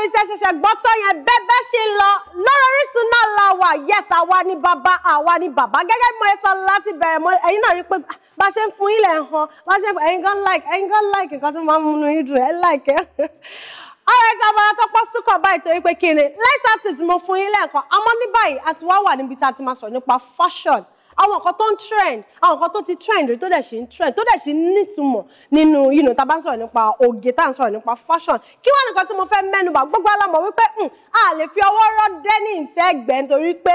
orin tẹ́ ṣẹ̀ṣẹ̀ gbọ́ tán yẹn bẹ́ẹ̀ bẹ́ẹ̀ ṣe lọ lọ́rọ̀ Orísun náà la wà yes àwa ni bàbá àwa ni bàbá gẹ́gẹ́ bí mo ṣe sọ láti bẹ̀rẹ̀ mọ́ ẹ̀yin náà rí pé bá ṣe ń fún yín lẹ̀ hàn bá ṣe ń fún ẹ̀yin gan like ẹ̀yin gan like nǹkan tó máa ń múnú yín dùn ẹ̀ like ẹ̀. ọ̀rọ̀ ẹ̀ta bàbá tó pọ̀ sùkọ̀ báyìí torí pé kí ni light artist mo fún yín lẹ́ẹ̀kan àmọ́ ní báyìí a ti wá wà níbi tá a ti máa sọ̀rọ̀ nípa fashion àwọn nǹkan tó ń trend àwọn nǹkan tó ti trend rí tó dẹ̀ ṣe ń trend tó dẹ̀ ṣe ń nítumọ̀ nínú you know tá bá ń sọ̀rọ̀ nípa oge tá à ń sọ̀rọ̀ nípa fashion kí wọ́n nìkan tí mo fẹ́ mẹ́nuba gbogbo alámọ̀ wípé hmm, a lè fi ọwọ́ rọ́ dẹ́ni ìṣẹ́gbẹ́ nítorí pé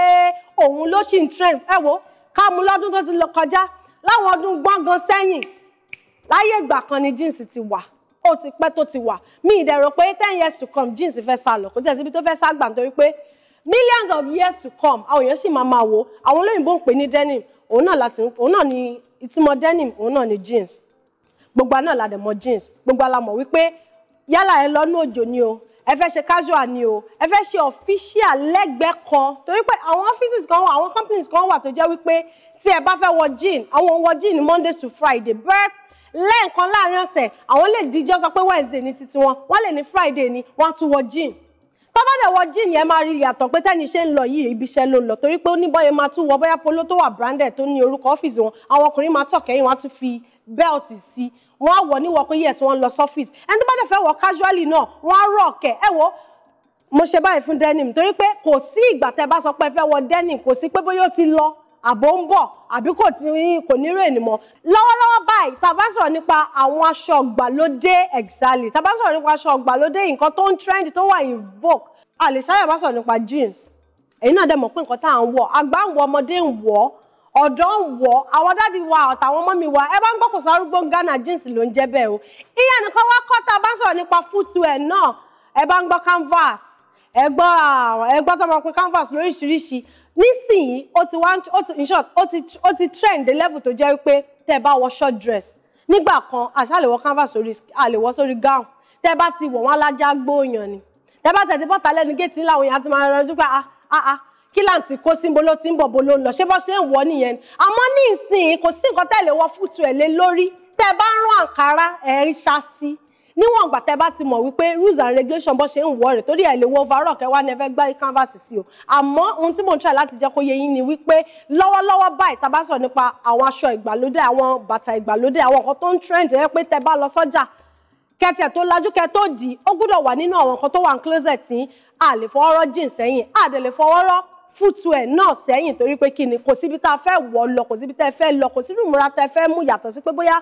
òun ló ṣì ń trend ẹ wo ká mú lọ́dún tó ti lọ kọjá láwọn ọdún gbọ́ngàn sẹ́yìn láyé ìgbà kan ni jeans ti wà ó ti pẹ́ tó ti wà mí ìdẹ̀rọ pé ten years to come jeans fẹ́ sá lọ kò tẹ̀ síbi tó fẹ́ sá gbà nítorí pé millions of years to come àwọn èèyàn sì máa máa wo àwọn olóyìnbó ń pè ní denim òun náà láti òun náà ni ìtumọ̀ denim òun náà ni jeans gbogbo náà la dẹ̀ mọ̀ jeans gbogbo la mọ̀ wípé yálà ẹ lọ́nà òjò ni o ẹ fẹ́ ṣe casual ni o ẹ fẹ́ ṣe official lẹ́gbẹ̀ẹ́ kan torí pé àwọn offices kan wà àwọn companies kan wà tó jẹ́ wípé tí ẹ bá fẹ́ wọ jean àwọn wọ jean Monday to Friday but lẹ́ẹ̀kan láàrin ọ̀sẹ̀ àwọn lè díjọ́ sọ pé Wednesday ni titi wọn wọ́n lè ní Friday ni wọ́n á tún wọ jean dẹ̀ wọ jíìnì ẹ máa rí yàtọ̀ pé tẹ́ni ṣe ń lọ yìí ibiṣẹ́ ló lọ torí pé ó ní bọ́yẹ máa tún wọ bóyá polo tó wà branded tó ní orúkọ ọ́fíìsì wọn àwọn ọkùnrin máa tọ̀ kẹ́yìn wọn á tún fi bẹ́ẹ̀tì sí wọn á wọ̀ níwọ̀ pé yes wọn lọ sọ́fíìsì ẹni tó bá dẹ̀ fẹ́ wọ casually náà wọn á rọ̀ ọ̀kẹ́ ẹ wo mo ṣe báyìí fún denim torí pé kò sí ìgbà tẹ́ bá sọ pé fẹ́ wọ denim kò sí pé bóyá ó ti lọ àbò ń bọ̀ àbí kò tí kò ní rèé lọ́wọ́lọ́wọ́ báyìí tá sọ̀rọ̀ nípa àwọn aṣọ ọ̀gbàlódé exactly tá sọ̀rọ̀ nípa aṣọ ọ̀gbàlódé nǹkan tó ń trend tó wà in vogue a lè ṣáyà bá sọ̀rọ̀ nípa jeans èyí náà dẹ̀ mọ̀ pé nǹkan tá à ń wọ̀ àgbà ń wọ̀ ọmọdé ń wọ̀ ọ̀dọ́ ń wọ̀ àwọn dáàdi wa àtàwọn ọmọ mi wa ẹ bá ń gbọ́ kò sọ arúgbó Ghana jeans ló ń jẹ́ bẹ́ẹ̀ o ìyẹn nìkan wá kọ́ tá a bá sọ̀rọ̀ nípa footwear náà ẹ bá ń gbọ́ canvas ẹ gbọ́ ẹ gbọ́ tó máa pe canvas lóríṣiríṣi nísìnyí ó ti wá in short ó ti trend level tó jẹ́ wípé tẹ́ ẹ bá wọ short dress nígbà kan àṣà àlèwọ canvas àlèwọ sórí gown tẹ́ ẹ bá ti wọ̀ wọ́n alájà gbóòyàn ni tẹ bá tẹ̀ ti bọ́ta lẹ́nu géètì ńlá àwọn èèyàn ti máa rọjú pé àá ah, ah, ah, kí láǹtì kó sí bolo tí ń bọ̀ bolo ń lọ ṣé bọ́ ṣe ń wọ̀ nìyẹn àmọ́ ní ìsìn kò sí nǹkan tẹ̀lé wọ fútu ẹ̀ lé lórí tẹ bá ń rán àǹkárá ẹ̀ ń ṣá sí níwọ̀n ìgbà tẹ bá ti mọ̀ wípé rules and regulation bọ́ ṣe ń wọ̀ rẹ̀ torí ẹ̀ lè wọ overall kẹwàá ni ẹ fẹ́ gbá canvas sí o àmọ́ ohun tí mò ń try láti jẹ́ kó yé yín ni wípé lọ́wọ́lọ́wọ́ báyìí tá a bá sọ nípa àwọn aṣọ ìgbàlódé àwọn bàtà ìgbàlódé àwọn nǹkan tó ń trend ẹ pé tẹ bá lọ sọ́jà kẹtì ẹ̀ tó lajú kẹ tó dì í ó gbúdọ̀ wà nínú àwọn nǹkan tó wà ní closet yín a lè fọwọ́rọ́ jìn sẹ́yìn a dẹ̀ lè fọwọ́rọ́ fútu ẹ̀ náà sẹ́yìn torí pé kí ni kò síbi tá a fẹ́ wọ̀ lọ kò síbi tá a fẹ́ lọ kò síbi ìmúra tá a fẹ́ mú yàtọ̀ sí pé bóyá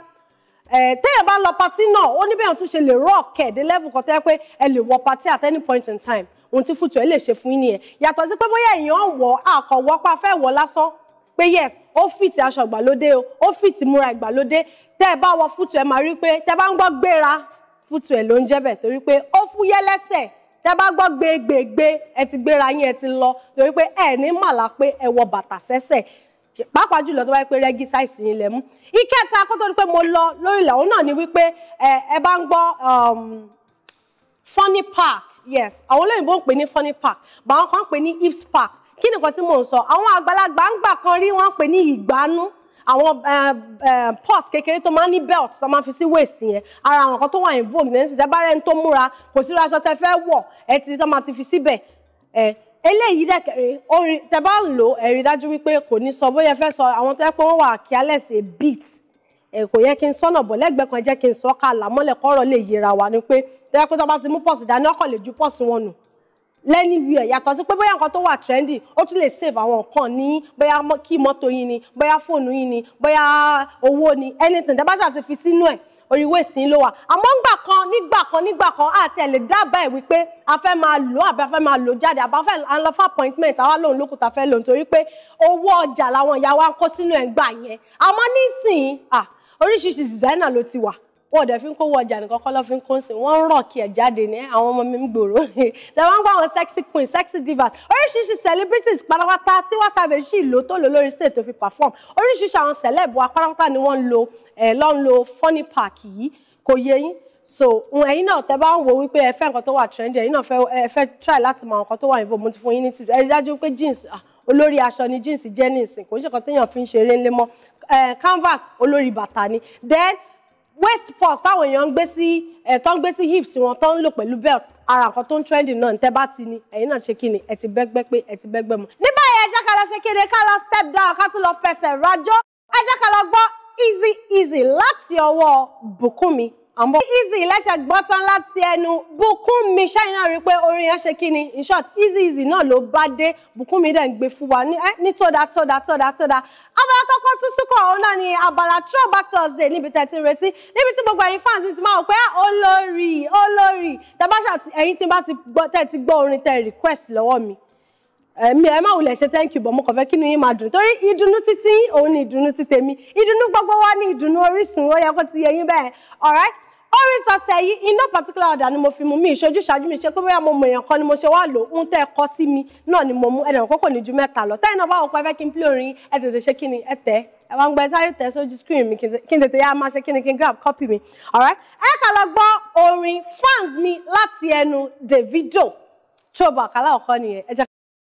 téèyàn bá lọ patí náà ó ní bẹ́ẹ̀ tún ṣe lè rọ̀ kẹ̀dé level kan tẹ́ pé ẹ lè wọ patí at any point in time ohun tí fútu ẹ lè ṣe fún yín nìyẹn yàtọ̀ sí pé bóyá èèyàn wọ̀ àkọ̀wọ́ pa fẹ́ wọ̀ lásán pé yes ó fìtì aṣọ ìgbàlódé o ó fìtì múra ìgbàlódé tẹ́ ẹ bá wọ fútu ẹ máa rí pé tẹ́ bá ń gbọ́ gbéra footwear ló ń jẹ́ torí pé ó fúyẹ́ lẹ́sẹ̀ tẹ́ bá gbọ́ gbégbégbé ẹ ti gbéra yín ẹ ti lọ torí pé ẹ ní màlá pé ẹ wọ bàtà sẹ́sẹ̀ pàápàá jùlọ tó bá yẹ pé rẹ́gí sáìsì yín lẹ̀ mú ìkẹta kó tó pé mo lọ lórílẹ̀ òun náà ni wípé ẹ bá ń gbọ́ um, funny park yes àwọn olóyìnbó ń pè ní funny park bàwọn kan ń pè ní hips park kí nìkan tí mò ń sọ àwọn àgbàlagbà ń gbà kan rí wọn ń pè ní ìgbánú àwọn eh, eh, purse kékeré tó máa ń ní belt tó máa fi sí waist yẹn ara àwọn kan tó wà ní vogue lẹ́yìn ìjẹ́bá rẹ̀ ń tó múra kò sí aṣọ tẹ fẹ́ wọ̀ ẹ ti tó máa ti fi síbẹ̀ ẹ eh, eléyìí dẹ́kẹ̀rẹ́ orin tẹ bá lò ẹ̀rí dájú wípé kò ní sọ bóyá fẹ́ sọ àwọn tẹ́ pé wọ́n wà kí alẹ́ sí beat kò yẹ kí n sọ́nà bọ̀ lẹ́gbẹ̀ẹ́ kan jẹ́ kí n sọ ká mọ́lẹ̀ kọ́rọ̀ lè yẹra wa ni pé tẹ́ pé tó bá ti mú pọ̀sì dání ọkọ̀ lè ju pọ̀sì wọn nù lẹ́nìwíẹ̀ yàtọ̀ sí pé bóyá nǹkan tó wà trendy ó tún lè save àwọn nǹkan ní bóyá kí mọ́tò yín ni bóyá fóònù yín ni bóyá owó ni anything tẹ́ bá ṣàti fi sínú ẹ̀ orí wéèsì ń ló wà àmọ́ ńgbà kan nígbà kan nígbà kan àti ẹ̀ lè dábàá ẹ̀ wípé a fẹ́ máa lò àbí a fẹ́ máa lò jáde àbá fẹ́ lọ fún appointment àwa lòun lókun tá a fẹ́ lò nítorí pé owó ọjà làwọn ìyá wa ń kó sínú ẹ̀ ń gbà yẹn àmọ́ nísìnyí oríṣiríṣi designer ló ti wà wọn ò dẹ̀ fi ń kówó ọjà nìkan kọ́ lọ́ fi ń kó sí wọ́n ń rọ̀ kí ẹ̀ jáde ní àwọn ọmọ mi ń gbòòrò lẹ́wọ̀n ń gbọ́ àwọn sexy queen sexy divas oríṣiríṣi celebrities pátápátá tí wọ́n sábẹ̀ sí ìlò tó lò lórí stage tó fi perform oríṣiríṣi àwọn celeb wa pátápátá ni wọ́n ń lo ẹ̀ lọ́ ń lo funny park yìí kò yé yín so ẹ̀yin náà tẹ́ bá ń wo wípé ẹ fẹ́ nǹkan tó wà trendy ẹ̀yin náà ẹ fẹ́ try láti mọ nǹkan tó wà níbo mo ti fún yín ní tips ẹ dájú pé jeans olórí aṣọ ni jeans jẹ́ ní ìsìn kò ń ṣe kan téèyàn fi ń ṣeré ńlé mọ́ canvas olórí bàtà ni then waist pause táwọn èèyàn ń gbé sí ẹ̀ eh, tó ń gbé sí hips wọn tó ń lò pẹ̀lú belt ara nǹkan tó ń trending náà tẹ́ bá ti ní ẹ̀yin náà ṣe kí ni ẹ̀ ti bẹ́gbẹ́ pé ẹ̀ ti bẹ́gbẹ́ mu. ní báyìí ẹ jẹ́ ká lọ ṣe kéde ká lọ step down ká tún lọ fẹsẹ̀ rájọ́ ẹ jẹ́ ká lọ gbọ́ easy easy láti ọwọ́ Bùkúnmi àmọ́. easy lẹ́sẹ̀ gbọ́tán láti ẹnu Bùkúnmi ṣáìnà rí pé orin yẹn ṣe kí ni in short easy easy náà ló bá dé Bùkúnmi dẹ̀ ń gbé fún wa ní tọ́da tọ́da tọ́da tọ́da abala tọ́kọ́ tún súnkọ̀ òun náà ni abala throwback thursday níbi tẹ̀tí retí níbi tí gbogbo ẹ̀yin fans ti máa wò pé ah, olórí olórí tẹ́báṣà ẹ̀yin tí bá ti gbọ́ orin tẹ́ request lọ́wọ́ mi ẹ̀mí eh, ẹ̀ máa wulẹ̀ ṣe thank you bọ̀ mo kàn fẹ́ kí ni yín máa dùn torí ìdùnnú títí òun ni ìdùnnú ti tèmi ìdùnnú gbogbo wa ni ìdùnnú Orísun ó yẹ kó ti yẹ yín bẹ́ẹ̀ alright orin tọ̀sẹ̀ yìí iná particular ọ̀dà ni mo fi mu mí ìṣojú ṣáájú mi ṣe pé bóyá mo mọ èèyàn kan ni mo ṣe wá lò ń tẹ́ ẹ kọ́ sí mi náà ni mo mú ẹnìyàn kókò ní ju mẹ́ta lọ tẹ́yìn náà báwo pé fẹ́ kí n pílé orin ẹ tètè ṣe kí ni ẹ tẹ́ ẹ wá gbẹ sáré tẹ sójú screen mi kí n tètè yá máa ṣe kí ni kí n grab copy mi alright ẹ kà lọ gbọ́ orin fans mi láti ẹnu Davido Choba kálá ọ̀kọ́ nìyẹn ẹ jẹ́